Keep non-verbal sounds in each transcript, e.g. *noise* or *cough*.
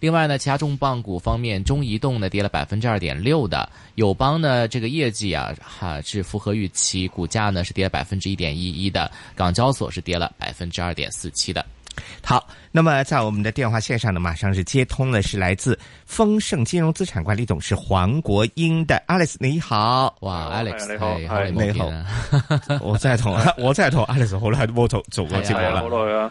另外呢，其他重磅股方面，中移動呢跌了百分之二點六的，友邦呢這個業績啊哈、啊、是符合預期，股價呢是跌了百分之一點一一的，港交所是跌了百分之二點四七的。好，那麼在我們的電話綫上呢，馬上是接通了，是來自豐盛金融資產管理董事黃國英的 Alex，你好，哇 hi,，Alex hi, hey, hi, hi, hi, 你好，你 *laughs* 好、啊，我在同我在同 Alex 好耐都冇做做過節目了好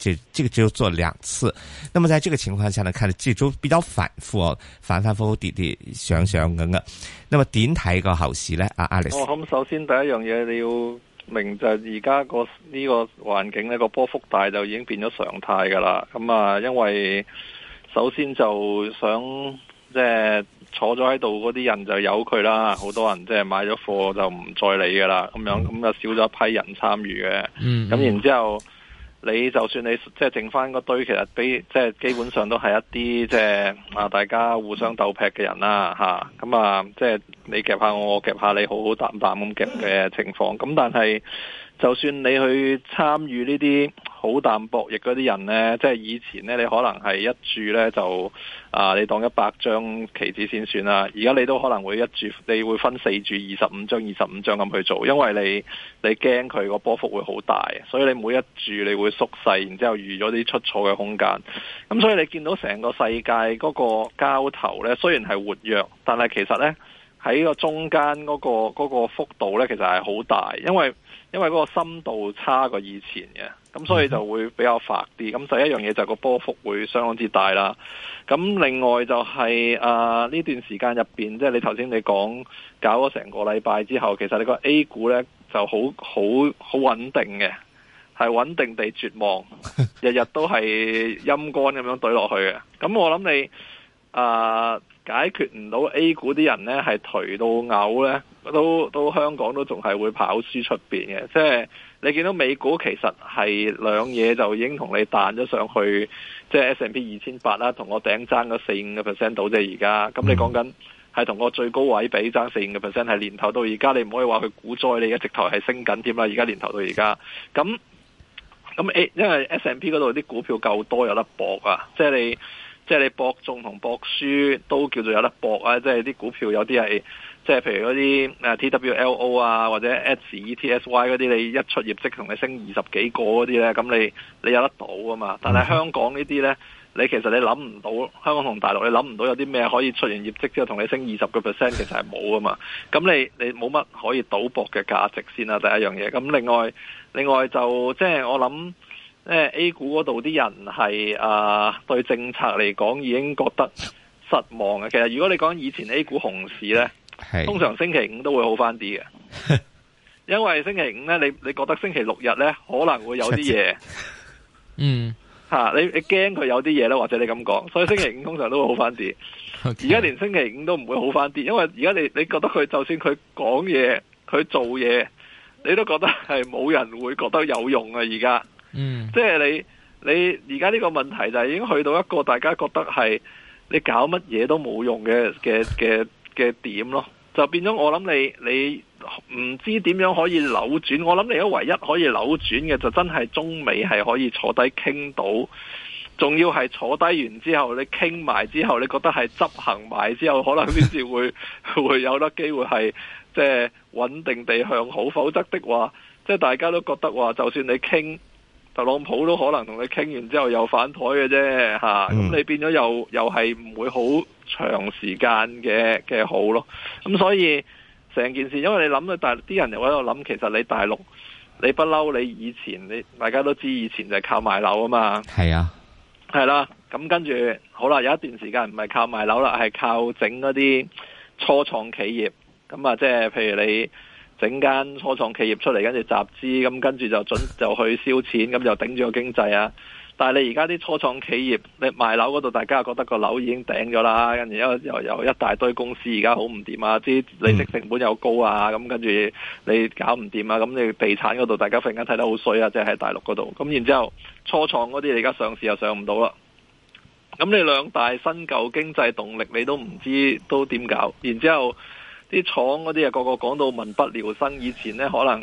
這即個只有做兩次，那麼在這個情況下呢，看着這周比較反覆哦，反反复覆跌跌，想想跟跟，那麼點睇個後市咧？阿 Alex，哦，咁首先第一樣嘢你要明就係而家個呢個環境呢個波幅大就已經變咗常態噶啦。咁啊，因為首先就想即係、就是、坐咗喺度嗰啲人就有佢啦，好多人即係買咗貨就唔再理噶啦，咁樣咁就少咗一批人參與嘅，咁、嗯、然之後。嗯你就算你即係剩翻個堆，其實比即係基本上都係一啲即係啊，大家互相鬥劈嘅人啦，吓咁啊，即係你夾下我，我夾下你，好好淡淡咁夾嘅情況。咁但係就算你去參與呢啲。好淡薄，亦嗰啲人咧，即係以前咧，你可能係一注咧就啊，你當一百張棋子先算啦。而家你都可能會一注，你會分四注，二十五張、二十五張咁去做，因為你你驚佢個波幅會好大，所以你每一注你會縮細，然之後預咗啲出錯嘅空間。咁所以你見到成個世界嗰個交投咧，雖然係活躍，但係其實咧喺個中間嗰個嗰個幅度咧，其實係好大，因為因為嗰個深度差過以前嘅。咁、嗯、所以就會比較發啲，咁第一樣嘢就係個波幅會相當之大啦。咁另外就係啊呢段時間入面，即係，你頭先你講搞咗成個禮拜之後，其實你個 A 股呢就好好好穩定嘅，係穩定地絕望，日日都係陰乾咁樣對落去嘅。咁 *laughs* 我諗你啊、呃、解決唔到 A 股啲人呢係頹到嘔呢，都都香港都仲係會跑輸出面嘅，即係。你見到美股其實係兩嘢就已經同你彈咗上去，即係 S&P 二千八啦，同我頂爭四五個 percent 度啫。而家咁你講緊係同我最高位比爭四五個 percent，係年頭到而家你唔可以話佢股災你，你而家直頭係升緊添啦。而家年頭到而家，咁咁因為 S&P 嗰度啲股票夠多，有得博啊，即係你即係你博中同博輸都叫做有得博啊，即係啲股票有啲係。即係譬如嗰啲誒 T W L O 啊，或者 ETSY 嗰啲，你一出業績同你升二十幾個嗰啲呢，咁你你有得賭啊嘛。但係香港呢啲呢，你其實你諗唔到香港同大陸你諗唔到有啲咩可以出現業績之後同你升二十個 percent，其實係冇啊嘛。咁你你冇乜可以賭博嘅價值先啦。第一樣嘢咁，另外另外就即係、就是、我諗 A 股嗰度啲人係誒、啊、對政策嚟講已經覺得失望嘅。其實如果你講以前 A 股熊市呢。通常星期五都會好翻啲嘅， *laughs* 因為星期五呢，你你覺得星期六日呢可能會有啲嘢，嗯，吓、啊、你你驚佢有啲嘢呢，或者你咁講，所以星期五通常都會好翻啲。而 *laughs* 家、okay. 連星期五都唔會好翻啲，因為而家你你覺得佢就算佢講嘢，佢做嘢，你都覺得係冇人會覺得有用啊。而家，嗯，即係你你而家呢個問題就係已經去到一個大家覺得係你搞乜嘢都冇用嘅嘅嘅。嘅點咯，就變咗我諗你你唔知點樣可以扭轉，我諗你而家唯一可以扭轉嘅就真係中美係可以坐低傾到，仲要係坐低完之後你傾埋之後，你覺得係執行埋之後，可能先至會會有得機會係即係穩定地向好，否則的話即係、就是、大家都覺得話，就算你傾。特朗普都可能同你傾完之後又反台嘅啫，咁、嗯、你變咗又又係唔會好長時間嘅嘅好咯。咁所以成件事，因為你諗到大啲人又喺度諗，其實你大陸你不嬲，你以前你大家都知，以前就係靠賣樓啊嘛。係啊，係啦，咁跟住好啦，有一段時間唔係靠賣樓啦，係靠整嗰啲初創企業。咁啊，即係譬如你。整間初創企業出嚟，跟住集資，咁跟住就準就去燒錢，咁就頂住個經濟啊！但係你而家啲初創企業，你賣樓嗰度，大家又覺得個樓已經頂咗啦，跟住又又有一大堆公司而家好唔掂啊，啲利息成本又高啊，咁跟住你搞唔掂啊，咁你地產嗰度大家忽然間睇得好衰啊，即係喺大陸嗰度，咁然之後初創嗰啲你而家上市又上唔到啦，咁你兩大新舊經濟動力你都唔知都點搞，然之後。啲廠嗰啲啊，個個講到民不聊生。以前呢，可能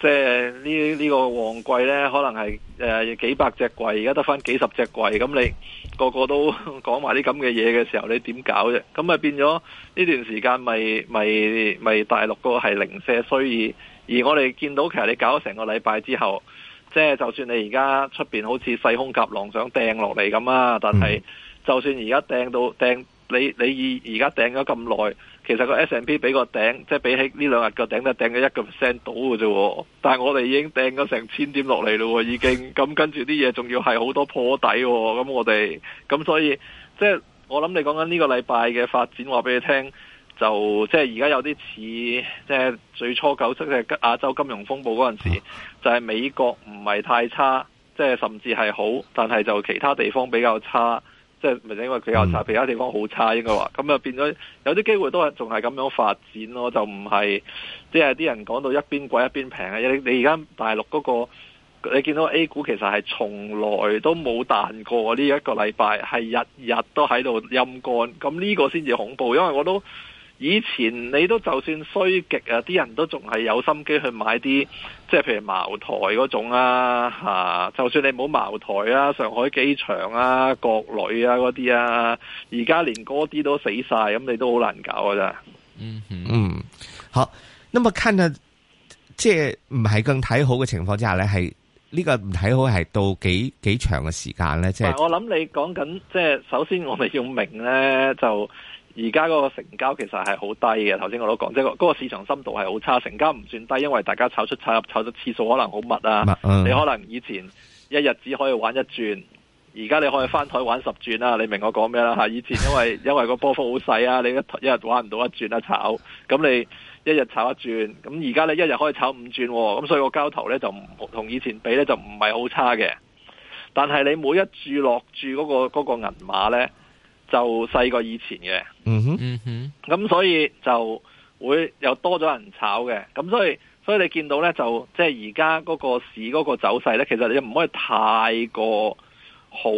即係呢呢個旺季呢，可能係誒幾百隻櫃，而家得返幾十隻櫃。咁你個個都講埋啲咁嘅嘢嘅時候，你點搞啫？咁啊變咗呢段時間咪咪咪大陸個係零舍衰要，而我哋見到其實你搞咗成個禮拜之後，即係就算你而家出邊好似細空夾狼想掟落嚟咁啊，但係就算而家掟到掟你你而而家掟咗咁耐。其實個 S&P 比個頂，即係比起呢兩日個頂就掟咗一個 percent 到嘅啫。但係我哋已經掟咗成千點落嚟咯，已經咁跟住啲嘢仲要係好多破底。咁我哋咁所以，即係我諗你講緊呢個禮拜嘅發展，話俾你聽，就即係而家有啲似，即係最初九七嘅亞洲金融風暴嗰陣時，就係、是、美國唔係太差，即係甚至係好，但係就其他地方比較差。即係咪係因為佢又差，其他地方好差應該話，咁啊變咗有啲機會都係仲係咁樣發展咯，就唔係即係啲人講到一邊貴一邊平啊！你你而家大陸嗰個，你見到 A 股其實係從來都冇彈過呢一個禮拜，係日日都喺度陰幹，咁呢個先至恐怖，因為我都。以前你都就算衰極啊，啲人都仲係有心機去買啲，即係譬如茅台嗰種啊吓，就算你冇茅台啊，上海機場啊、國旅啊嗰啲啊，而家連嗰啲都死晒，咁你都好難搞噶咋？嗯嗯，好。咁啊，今日即係唔係更睇好嘅情況之下咧，係呢個唔睇好係到幾幾長嘅時間咧？即係我諗你講緊，即係首先我哋要明咧就。而家嗰個成交其實係好低嘅，頭先我都講，即係嗰個市場深度係好差，成交唔算低，因為大家炒出、炒入、炒出次數可能好密啊、嗯。你可能以前一日只可以玩一轉，而家你可以翻台玩十轉啦。你明我講咩啦？嚇，以前因為因為個波幅好細啊，你一一日玩唔到一轉一炒，咁你一日炒一轉，咁而家你一日可以炒五轉，咁所以個交投呢，就同以前比呢，就唔係好差嘅。但係你每一注落注嗰、嗰個嗰個銀碼呢。就細過以前嘅，嗯哼，嗯哼，咁所以就會又多咗人炒嘅，咁所以，所以你見到呢，就即係而家嗰個市嗰個走勢呢，其實你唔可以太過好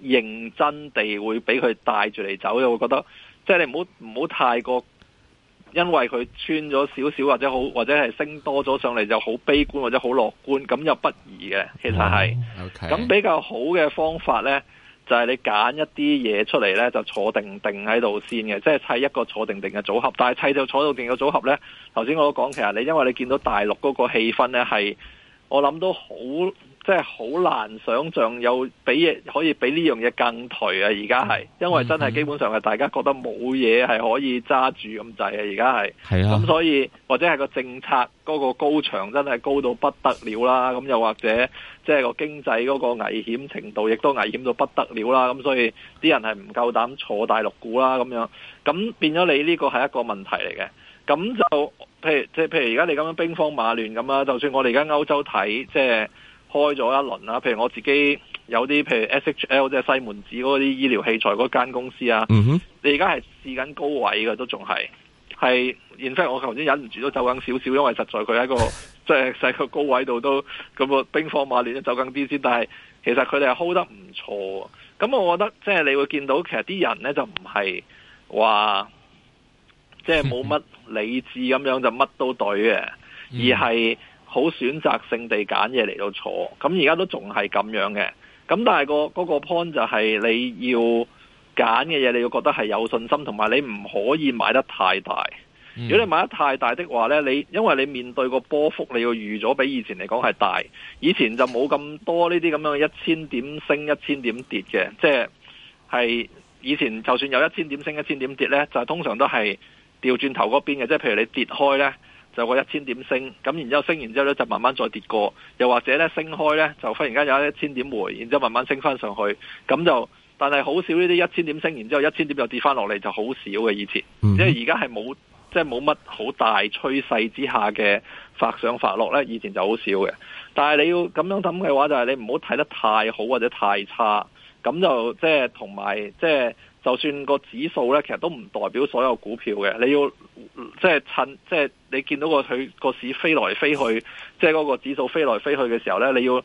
認真地會俾佢帶住嚟走，又會覺得即係、即係、你唔好唔好太過因為佢穿咗少少或者好或者係升多咗上嚟，就好悲觀或者好樂觀咁又不宜嘅，其實係，咁，oh, okay. 比較好嘅方法呢。就係、是、你揀一啲嘢出嚟咧，就坐定定喺度先嘅，即係砌一個坐定定嘅組合。但係砌就坐到定嘅組合咧，頭先我都講，其實你因為你見到大陸嗰個氣氛咧，係我諗都好。即係好難想像有比嘢可以比呢樣嘢更頹啊！而家係，因為真係基本上係大家覺得冇嘢係可以揸住咁滯啊！而家係係啦，咁所以或者係個政策嗰個高牆真係高到不得了啦。咁又或者即係個經濟嗰個危險程度亦都危險到不得了啦。咁所以啲人係唔夠膽坐大陸股啦。咁樣咁變咗，你呢個係一個問題嚟嘅。咁就譬如即係譬如而家你咁樣兵荒馬亂咁啦，就算我哋而家歐洲睇即係。開咗一輪啦，譬如我自己有啲，譬如 SHL 即係西門子嗰啲醫療器材嗰間公司啊，mm -hmm. 你而家係試緊高位嘅，都仲係係，然之後我頭先忍唔住都走緊少少，因為實在佢喺個即係細個高位度都咁個兵荒馬亂，都走緊啲先。但係其實佢哋係 hold 得唔錯，咁我覺得即係你會見到，其實啲人呢就唔係話即係冇乜理智咁 *laughs* 樣就乜都懟嘅，而係。Mm -hmm. 好選擇性地揀嘢嚟到坐，咁而家都仲係咁樣嘅。咁但係個嗰個 point 就係、是、你要揀嘅嘢，你要覺得係有信心，同埋你唔可以買得太大、嗯。如果你買得太大的話呢，你因為你面對個波幅，你要預咗比以前嚟講係大。以前就冇咁多呢啲咁樣嘅一千點升一千點跌嘅，即係係以前就算有一千點升一千點跌呢，就通常都係調轉頭嗰邊嘅。即、就、係、是、譬如你跌開呢。就個一千點升，咁然之後升完之後咧就慢慢再跌過，又或者咧升開咧就忽然間有一千點回，然之後慢慢升翻上去，咁就，但係好少呢啲一千點升，然之後一千點又跌翻落嚟就好少嘅以前，即係而家係冇，即係冇乜好大趨勢之下嘅發上發落咧，以前就好少嘅。但係你要咁樣諗嘅話，就係你唔好睇得太好或者太差，咁就即係同埋即係。就係就算個指數呢，其實都唔代表所有股票嘅。你要即係趁即係你見到個佢個市飛來飛去，即係嗰個指數飛來飛去嘅時候呢，你要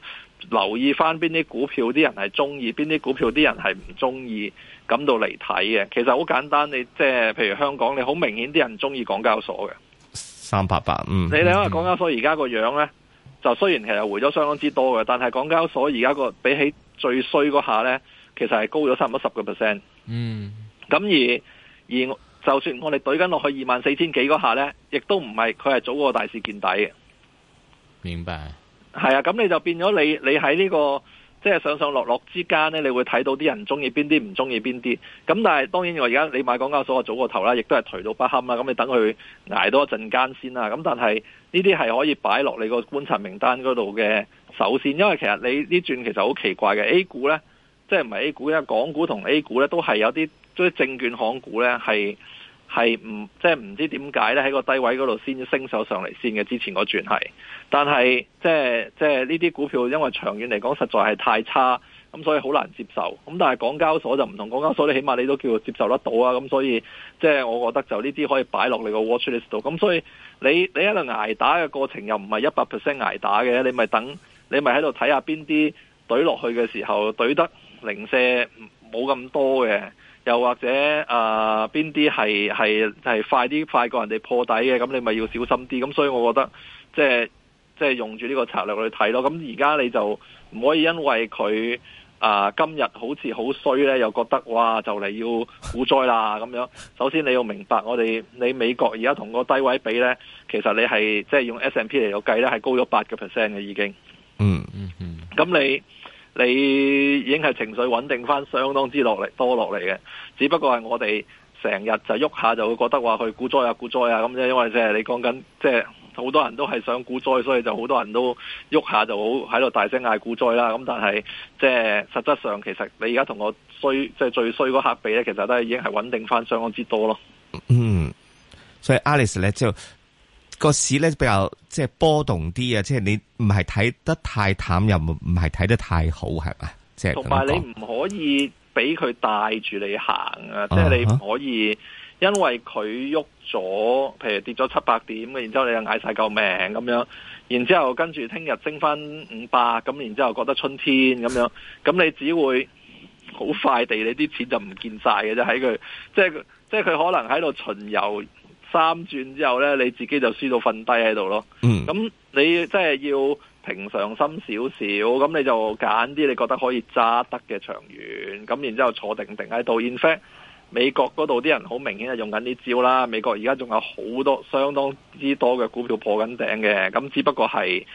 留意翻邊啲股票啲人係中意，邊啲股票啲人係唔中意，咁到嚟睇嘅。其實好簡單，你即係譬如香港，你好明顯啲人中意港交所嘅三八八，嗯。你睇下港交所而家個樣呢，就雖然其實回咗相當之多嘅，但係港交所而家個比起最衰嗰下呢，其實係高咗差唔多十個 percent。嗯，咁而而就算我哋懟緊落去二萬四千幾嗰下呢，亦都唔係佢係早過大市見底嘅。明白，係啊，咁你就變咗你你喺呢、這個即係、就是、上上落落之間呢，你會睇到啲人中意邊啲，唔中意邊啲。咁但係當然我而家你買港交所啊，早過頭啦，亦都係頹到不堪啦。咁你等佢捱多一陣間先啦。咁但係呢啲係可以擺落你個觀察名單嗰度嘅首先，因為其實你呢轉其實好奇怪嘅 A 股呢。即係唔係 A 股咧？因港股同 A 股咧都係有啲即係證券行股咧，係係唔即係唔知點解咧喺個低位嗰度先升手上嚟先嘅之前嗰轉係。但係即係即係呢啲股票，因為長遠嚟講實在係太差，咁所以好難接受。咁但係港交所就唔同，港交所你起碼你都叫接受得到啊。咁所以即係我覺得就呢啲可以擺落你個 watchlist 度。咁所以你你喺度挨打嘅過程又唔係一百 percent 挨打嘅，你咪等你咪喺度睇下邊啲隊落去嘅時候懟得。零舍冇咁多嘅，又或者啊，邊啲係係係快啲快過人哋破底嘅，咁你咪要小心啲。咁所以我覺得即係即係用住呢個策略去睇咯。咁而家你就唔可以因為佢啊、呃、今日好似好衰咧，又覺得哇就嚟要股災啦咁樣。首先你要明白我，我哋你美國而家同個低位比咧，其實你係即係用 S&P 嚟到計咧，係高咗八個 percent 嘅已經。嗯嗯嗯，咁你。你已經係情緒穩定翻，相當之落嚟多落嚟嘅。只不過係我哋成日就喐下，就會覺得話去股災啊股災啊咁啫。因為即係你講緊，即係好多人都係想股災，所以就好多人都喐下就好喺度大聲嗌股災啦。咁但係即係實質上，其實你而家同我衰，即係最衰嗰刻比咧，其實都係已經係穩定翻，相當之多咯。嗯，所以 Alice 咧之後。個市咧比較即係波動啲啊，即係你唔係睇得太淡又唔係睇得太好，係嘛？即係同埋你唔可以俾佢帶住你行啊！即係你唔可以，因為佢喐咗，譬如跌咗七百點，然之後你又嗌晒救命咁樣，然之後跟住聽日升翻五百，咁然之後覺得春天咁樣，咁 *laughs* 你只會好快地你啲錢就唔見晒嘅啫，喺佢即係即係佢可能喺度巡遊。三轉之後呢，你自己就輸到瞓低喺度咯。嗯，咁你即係要平常心少少，咁你就揀啲你覺得可以揸得嘅長遠。咁然之後坐定定喺度。In fact，美國嗰度啲人好明顯係用緊啲招啦。美國而家仲有好多相當之多嘅股票破緊頂嘅。咁只不過係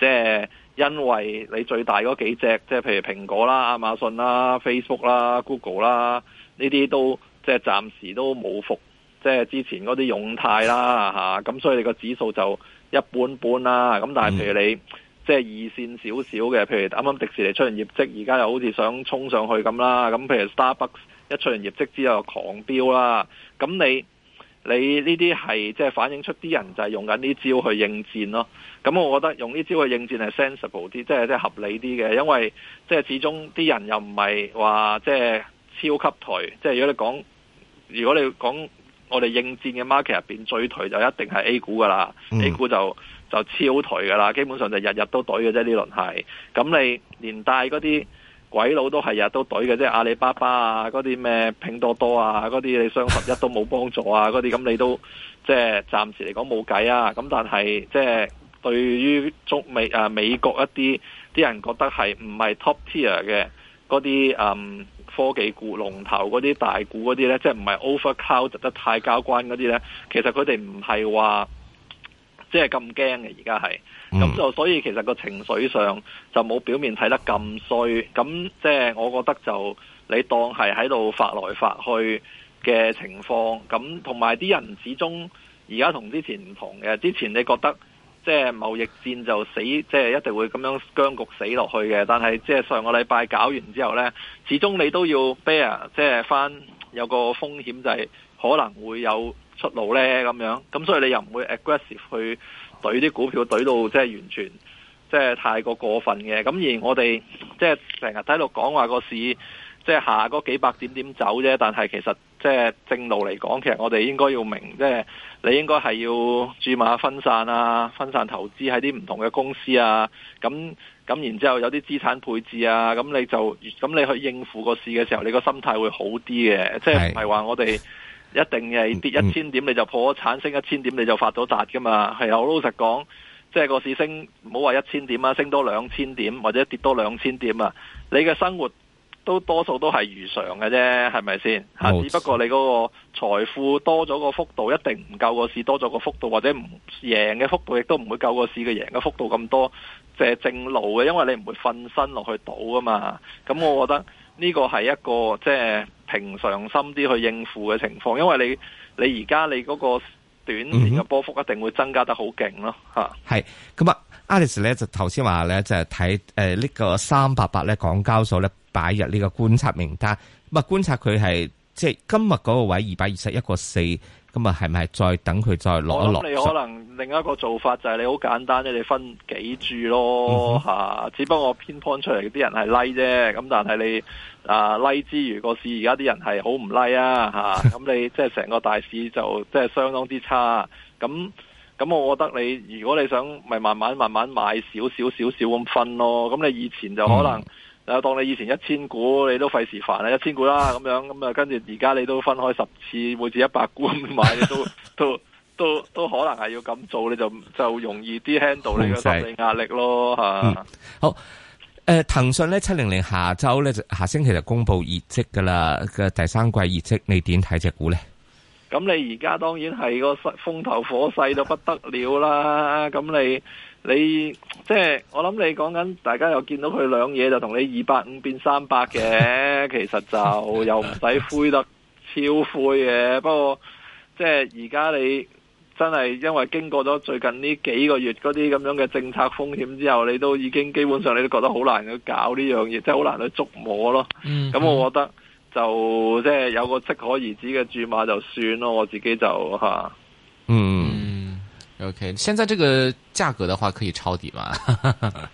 即係因為你最大嗰幾隻，即係譬如蘋果啦、亞馬遜啦、Facebook 啦、Google 啦呢啲都即係暫時都冇復。即係之前嗰啲用態啦咁、啊、所以你個指數就一般般啦。咁但係譬如你、mm. 即係二線少少嘅，譬如啱啱迪士尼出完業績，而家又好似想衝上去咁啦。咁、啊、譬如 Starbucks 一出完業績之後就狂飆啦。咁你你呢啲係即係反映出啲人就係用緊呢招去應戰咯。咁我覺得用呢招去應戰係 sensible 啲，即係即係合理啲嘅，因為即係始終啲人又唔係話即係超級頹。即係如果你講如果你講。我哋應戰嘅 market 入邊最頹就一定係 A 股噶啦、嗯、A 股就就超頹噶啦，基本上就日日都頹嘅啫呢輪係。咁你連帶嗰啲鬼佬都係日日都頹嘅，即係阿里巴巴啊，嗰啲咩拼多多啊，嗰啲你雙十一都冇幫助啊，嗰啲咁你都即係、就是、暫時嚟講冇計啊。咁但係即係對於中美啊、呃、美國一啲啲人覺得係唔係 top tier 嘅嗰啲嗯。科技股、龍頭嗰啲大股嗰啲呢，即係唔係 overcrowded 得太交關嗰啲呢？其實佢哋唔係話即係咁驚嘅，而家係咁就所以其實個情緒上就冇表面睇得咁衰，咁即係我覺得就你當係喺度發來發去嘅情況，咁同埋啲人始終而家同之前唔同嘅，之前你覺得。即係貿易戰就死，即係一定會咁樣僵局死落去嘅。但係即係上個禮拜搞完之後呢，始終你都要 bear，即係翻有個風險就係可能會有出路呢。咁樣。咁所以你又唔會 aggressive 去懟啲股票懟到即係完全即係太過過分嘅。咁而我哋即係成日睇落講話個市即係下個幾百點點走啫，但係其實。即係正路嚟講，其實我哋應該要明，即係你應該係要注碼分散啊，分散投資喺啲唔同嘅公司啊，咁咁然之後有啲資產配置啊，咁你就咁你去應付個市嘅時候，你個心態會好啲嘅。即係唔係話我哋一定係跌一千點你就破產，嗯、升一千點你就發咗達噶嘛？係啊，我老實講，即係個市升唔好話一千點啊，升多兩千點或者跌多兩千點啊，你嘅生活。都多數都係如常嘅啫，係咪先？嚇，只不過你嗰個財富多咗個幅度，一定唔夠個市多咗個幅度，或者唔贏嘅幅度亦都唔會夠個市嘅贏嘅幅度咁多，就係正路嘅，因為你唔會瞓身落去賭啊嘛。咁、嗯、我覺得呢、呢個係一個即係、就是、平常心啲去應付嘅情況，因為你你而家你嗰、嗰個。短期嘅波幅一定會增加得好勁咯，吓，係咁啊，Alice 咧，就頭先話咧，就係睇誒呢個三八八咧，港交所咧，擺入呢個觀察名單，咁啊觀察佢係即係今日嗰個位二百二十一個四，咁啊係咪再等佢再落一落？另一個做法就係你好簡單，你哋分幾注咯吓，只不過偏 point 出嚟，啲人係 like 啫，咁但係你啊 like 之餘，個市而家啲人係好唔 like 啊吓，咁、 *laughs* 啊、你即係成個大市就即係、就是、相當之差。咁咁我覺得你如果你想咪慢慢慢慢買少少少少咁分咯，咁你以前就可能 *laughs* 啊當你以前一千股你都費事煩啊，一千股啦咁樣，咁啊跟住而家你都分開十次，每次一百股咁買都都。 *laughs* 都都都都可能係要咁做，你就就容易啲 handle 你嘅心理壓力咯吓、嗯。好，誒，騰訊咧七零零下周咧就下星期就公布業績噶啦嘅第三季業績，你點睇隻股咧？咁你而家當然係個風頭火勢到不得了啦。咁 *laughs* 你你即係我諗你講緊，大家又見到佢兩嘢就同你二百五變三百嘅， *laughs* 其實就又唔使灰得超灰嘅。不過即係而家你。真係因為經過咗最近呢幾個月嗰啲咁樣嘅政策風險之後，你都已經基本上你都覺得好難去搞呢樣嘢，即係好難去捉摸咯。咁、嗯、我覺得就即係、就是、有個適可而止嘅注碼就算咯。我自己就吓、啊。嗯，OK，現在這個價格的話可以抄底嗎？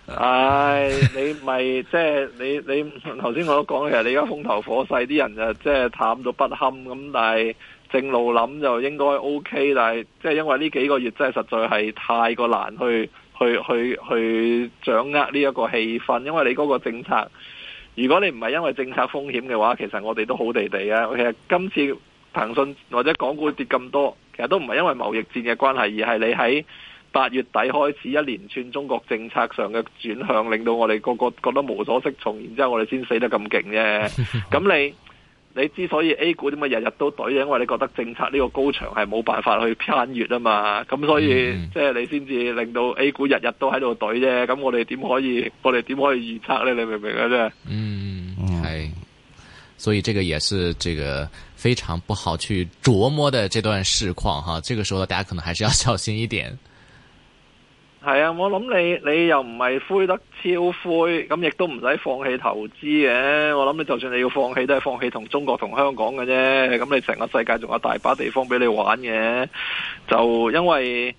唉、 *laughs* 哎，你咪即係你你頭先我都講嘅，其實你而家風頭火勢啲人就即係、就是、淡到不堪咁，但係。正路諗就應該 OK，但係即係因為呢幾個月真係實在係太過難去去去去掌握呢一個氣氛，因為你嗰個政策，如果你唔係因為政策風險嘅話，其實我哋都好地地啊。其實今次騰訊或者港股跌咁多，其實都唔係因為貿易戰嘅關係，而係你喺八月底開始一連串中國政策上嘅轉向，令到我哋個個覺得無所適從，然之後我哋先死得咁勁啫。咁 *laughs* 你？你之所以 A 股點解日日都懟，因為你覺得政策呢個高牆係冇辦法去攀越啊嘛，咁所以、嗯、即係你先至令到 A 股日日都喺度懟啫。咁我哋點可以，我哋點可以預測呢？你明唔明啊？真係，嗯，係、嗯。所以這個也是這個非常不好去琢磨的這段市況哈。這個時候大家可能還是要小心一點。係啊，我諗你你又唔係灰得超灰，咁亦都唔使放棄投資嘅。我諗你就算你要放棄，都係放棄同中國同香港嘅啫。咁你成個世界仲有大把地方俾你玩嘅。就因為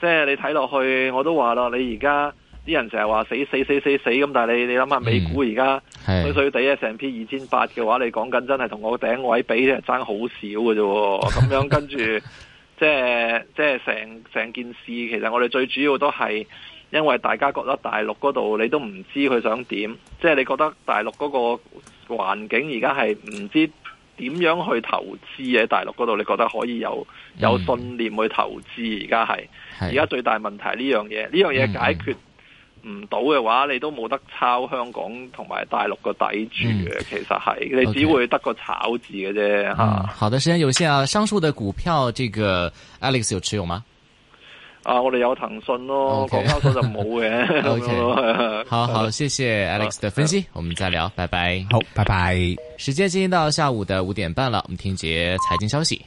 即係、就是、你睇落去，我都話啦，你而家啲人成日話死死死死死咁，但係你你諗下美股而家、嗯、水水地啊，S&P 二千八嘅話，你講緊真係同我個頂位比，真係爭好少嘅啫。咁樣跟住。 *laughs* 即係即係成成件事，其實我哋最主要都係因為大家覺得大陸嗰度你都唔知佢想點，即係你覺得大陸嗰個環境而家係唔知點樣去投資嘅，大陸嗰度你覺得可以有有信念去投資而家係，嗯，而家最大問題係呢樣嘢，呢樣嘢解決唔到嘅話，你都冇得抄香港同埋大陸個底住嘅。其實係你只會得個炒字嘅啫。吓、okay. 嗯，好的，時間有限啊。上述嘅股票，這個 Alex 有持有嗎？啊，我哋有騰訊咯，港、okay. 交所就冇嘅。 *laughs* OK， *laughs* 好好，謝謝 Alex 的分析， *laughs* 我們再聊，拜拜。好，拜拜。時間進行到下午的五點半了，我們聽一節財經消息。